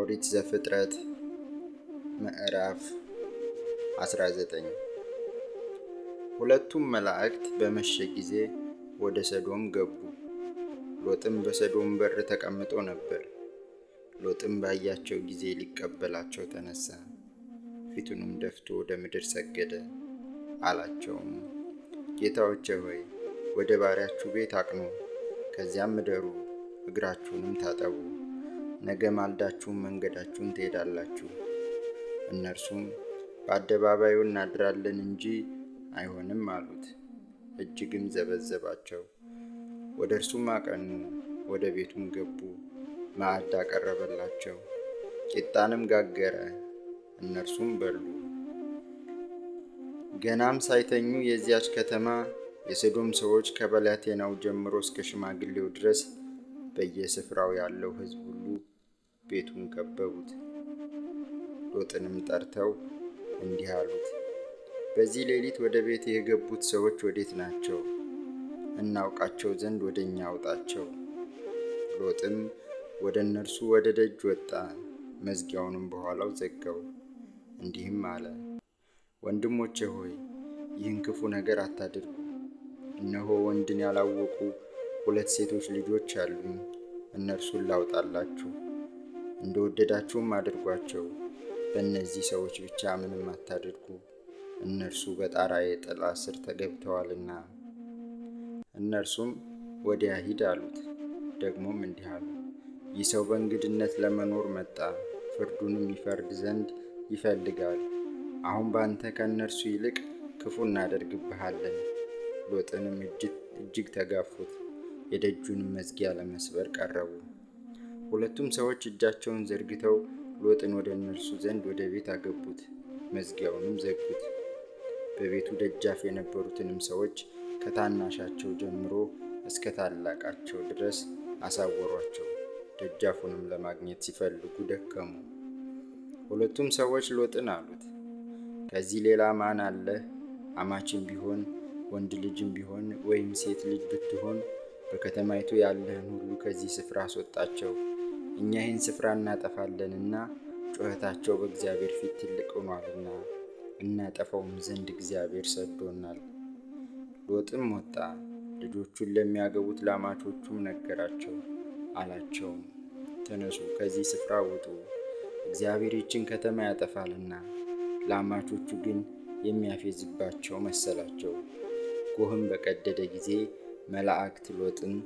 ኦሪት ዘፍጥረት ምዕራፍ 19 ሁለቱም መላእክት በመሸ ጊዜ ወደ ሰዶም ገቡ። ሎጥም በሰዶም በር ተቀምጦ ነበር። ሎጥም ባያቸው ጊዜ ሊቀበላቸው ተነሳ፣ ፊቱንም ደፍቶ ወደ ምድር ሰገደ። አላቸውም፣ ጌታዎቼ ሆይ ወደ ባሪያችሁ ቤት አቅኑ፣ ከዚያም እደሩ፣ እግራችሁንም ታጠቡ ነገ ማልዳችሁ መንገዳችሁን ትሄዳላችሁ። እነርሱም በአደባባዩ እናድራለን እንጂ አይሆንም አሉት። እጅግም ዘበዘባቸው። ወደ እርሱም አቀኑ፣ ወደ ቤቱም ገቡ። ማዕድ አቀረበላቸው፣ ቂጣንም ጋገረ፣ እነርሱም በሉ። ገናም ሳይተኙ የዚያች ከተማ የሰዶም ሰዎች ከበላቴናው ጀምሮ እስከ ሽማግሌው ድረስ በየስፍራው ያለው ሕዝብ ሁሉ ቤቱን ከበቡት። ሎጥንም ጠርተው እንዲህ አሉት፣ በዚህ ሌሊት ወደ ቤት የገቡት ሰዎች ወዴት ናቸው? እናውቃቸው ዘንድ ወደ እኛ አውጣቸው። ሎጥም ወደ እነርሱ ወደ ደጅ ወጣ፣ መዝጊያውንም በኋላው ዘጋው። እንዲህም አለ፣ ወንድሞቼ ሆይ ይህን ክፉ ነገር አታድርጉ። እነሆ ወንድን ያላወቁ ሁለት ሴቶች ልጆች አሉኝ፣ እነርሱን ላውጣላችሁ እንደወደዳችሁም አድርጓቸው። በእነዚህ ሰዎች ብቻ ምንም አታድርጉ፣ እነርሱ በጣራ የጥላ ስር ተገብተዋልና። እነርሱም ወዲያ ሂድ አሉት። ደግሞም እንዲህ አሉ፣ ይህ ሰው በእንግድነት ለመኖር መጣ፣ ፍርዱንም ይፈርድ ዘንድ ይፈልጋል። አሁን በአንተ ከእነርሱ ይልቅ ክፉ እናደርግብሃለን። ሎጥንም እጅግ ተጋፉት፣ የደጁንም መዝጊያ ለመስበር ቀረቡ። ሁለቱም ሰዎች እጃቸውን ዘርግተው ሎጥን ወደ እነርሱ ዘንድ ወደ ቤት አገቡት፣ መዝጊያውንም ዘጉት። በቤቱ ደጃፍ የነበሩትንም ሰዎች ከታናሻቸው ጀምሮ እስከ ታላቃቸው ድረስ አሳወሯቸው። ደጃፉንም ለማግኘት ሲፈልጉ ደከሙ። ሁለቱም ሰዎች ሎጥን አሉት፣ ከዚህ ሌላ ማን አለ? አማችን ቢሆን ወንድ ልጅም ቢሆን ወይም ሴት ልጅ ብትሆን በከተማይቱ ያለህን ሁሉ ከዚህ ስፍራ አስወጣቸው እኛ ይህን ስፍራ እናጠፋለንና ጩኸታቸው በእግዚአብሔር ፊት ትልቅ ሆኗልና እናጠፋውም ዘንድ እግዚአብሔር ሰዶናል። ሎጥም ወጣ፣ ልጆቹን ለሚያገቡት ላማቾቹም ነገራቸው። አላቸውም ተነሱ፣ ከዚህ ስፍራ ውጡ፣ እግዚአብሔር ይችን ከተማ ያጠፋልና። ላማቾቹ ግን የሚያፌዝባቸው መሰላቸው። ጎህም በቀደደ ጊዜ መላእክት ሎጥን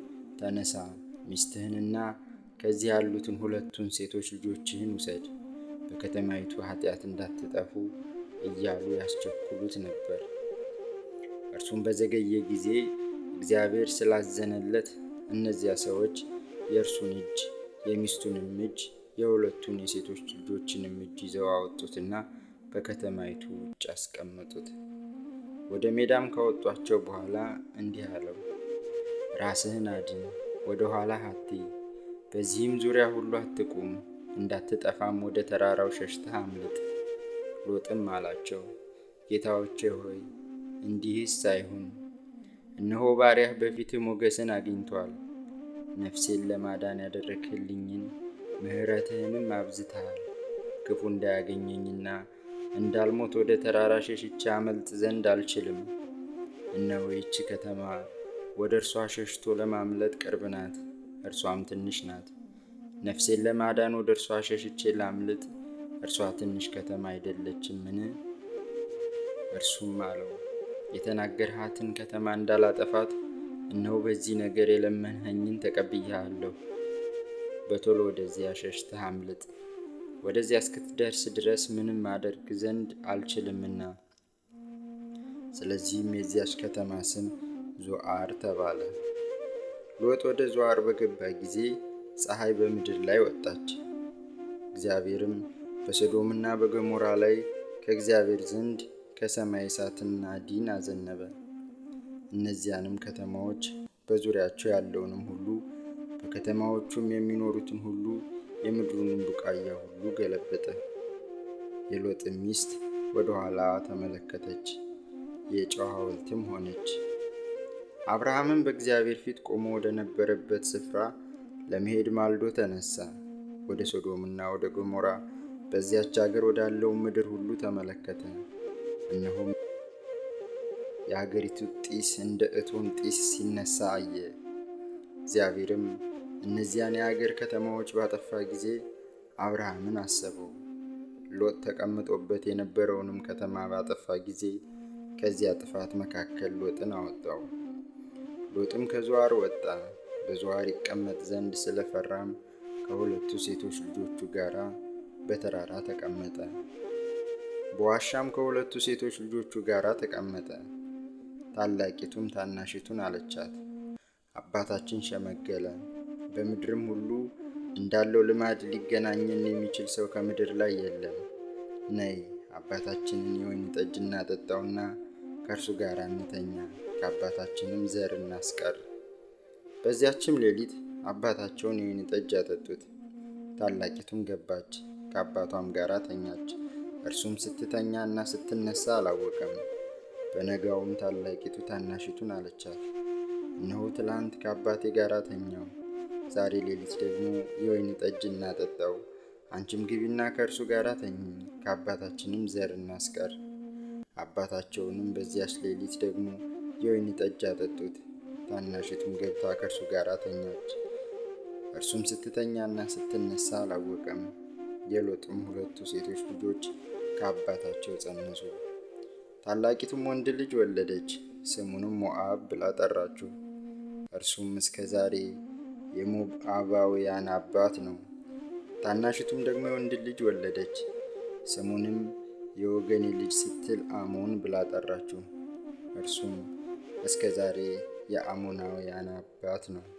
ተነሳ፣ ሚስትህንና ከዚህ ያሉትን ሁለቱን ሴቶች ልጆችህን ውሰድ፣ በከተማይቱ ኃጢአት እንዳትጠፉ እያሉ ያስቸኩሉት ነበር። እርሱም በዘገየ ጊዜ እግዚአብሔር ስላዘነለት እነዚያ ሰዎች የእርሱን እጅ የሚስቱንም እጅ የሁለቱን የሴቶች ልጆችንም እጅ ይዘው አወጡትና በከተማይቱ ውጭ አስቀመጡት። ወደ ሜዳም ካወጧቸው በኋላ እንዲህ አለው፣ ራስህን አድን፣ ወደ ኋላ አትይ በዚህም ዙሪያ ሁሉ አትቁም፣ እንዳትጠፋም ወደ ተራራው ሸሽተህ አምልጥ። ሎጥም አላቸው፣ ጌታዎቼ ሆይ እንዲህስ ሳይሆን እነሆ ባሪያህ በፊት ሞገስን አግኝቷል። ነፍሴን ለማዳን ያደረግህልኝን ምህረትህንም አብዝተሃል። ክፉ እንዳያገኘኝና እንዳልሞት ወደ ተራራ ሸሽቼ አመልጥ ዘንድ አልችልም። እነሆ ይቺ ከተማ ወደ እርሷ ሸሽቶ ለማምለጥ ቅርብ ናት። እርሷም ትንሽ ናት። ነፍሴን ለማዳን ወደ እርሷ ሸሽቼ ላምልጥ፣ እርሷ ትንሽ ከተማ ምን እርሱም አለው የተናገርሃትን ከተማ እንዳላጠፋት እነሆ በዚህ ነገር የለመንኸኝን ተቀብያሃለሁ። በቶሎ ወደዚያ ሸሽተህ አምልጥ። ወደዚያ እስክትደርስ ድረስ ምንም ማደርግ ዘንድ አልችልምና። ስለዚህም የዚያች ከተማ ስም ዞአር ተባለ። ሎጥ ወደ ዘዋር በገባ ጊዜ ፀሐይ በምድር ላይ ወጣች። እግዚአብሔርም በሰዶምና በገሞራ ላይ ከእግዚአብሔር ዘንድ ከሰማይ እሳትና ዲን አዘነበ። እነዚያንም ከተማዎች በዙሪያቸው ያለውንም ሁሉ በከተማዎቹም የሚኖሩትን ሁሉ የምድሩንም ቡቃያ ሁሉ ገለበጠ። የሎጥ ሚስት ወደ ኋላ ተመለከተች፣ የጨው ሐውልትም ሆነች። አብርሃምም በእግዚአብሔር ፊት ቆሞ ወደ ነበረበት ስፍራ ለመሄድ ማልዶ ተነሳ። ወደ ሶዶምና ወደ ገሞራ በዚያች አገር ወዳለው ምድር ሁሉ ተመለከተ። እነሆም የአገሪቱ ጢስ እንደ እቶን ጢስ ሲነሳ አየ። እግዚአብሔርም እነዚያን የአገር ከተማዎች ባጠፋ ጊዜ አብርሃምን አሰበው። ሎጥ ተቀምጦበት የነበረውንም ከተማ ባጠፋ ጊዜ ከዚያ ጥፋት መካከል ሎጥን አወጣው። ሎጥም ከዙዋር ወጣ፣ በዙዋር ይቀመጥ ዘንድ ስለፈራም ከሁለቱ ሴቶች ልጆቹ ጋር በተራራ ተቀመጠ። በዋሻም ከሁለቱ ሴቶች ልጆቹ ጋር ተቀመጠ። ታላቂቱም ታናሽቱን አለቻት፣ አባታችን ሸመገለ፣ በምድርም ሁሉ እንዳለው ልማድ ሊገናኘን የሚችል ሰው ከምድር ላይ የለም። ነይ አባታችንን የወይን ጠጅ እናጠጣውና ከእርሱ ጋር እንተኛ ከአባታችንም ዘር እናስቀር። በዚያችም ሌሊት አባታቸውን የወይን ጠጅ ያጠጡት። ታላቂቱም ገባች፣ ከአባቷም ጋር ተኛች። እርሱም ስትተኛ እና ስትነሳ አላወቀም። በነጋውም ታላቂቱ ታናሽቱን አለቻት፣ እነሆ ትላንት ከአባቴ ጋር ተኛው፣ ዛሬ ሌሊት ደግሞ የወይን ጠጅ እናጠጣው። አንቺም ግቢና ከእርሱ ጋር ተኝ፣ ከአባታችንም ዘር እናስቀር። አባታቸውንም በዚያች ሌሊት ደግሞ የወይን ጠጅ አጠጡት። ታናሽቱም ገብታ ከእርሱ ጋር ተኛች። እርሱም ስትተኛና ስትነሳ አላወቀም። የሎጡም ሁለቱ ሴቶች ልጆች ከአባታቸው ጸነሱ። ታላቂቱም ወንድ ልጅ ወለደች፣ ስሙንም ሞአብ ብላ ጠራችው። እርሱም እስከ ዛሬ የሞአባውያን አባት ነው። ታናሽቱም ደግሞ የወንድ ልጅ ወለደች፣ ስሙንም የወገኔ ልጅ ስትል አሞን ብላ ጠራችው። እርሱም እስከ ዛሬ የአሞናውያን አባት ነው።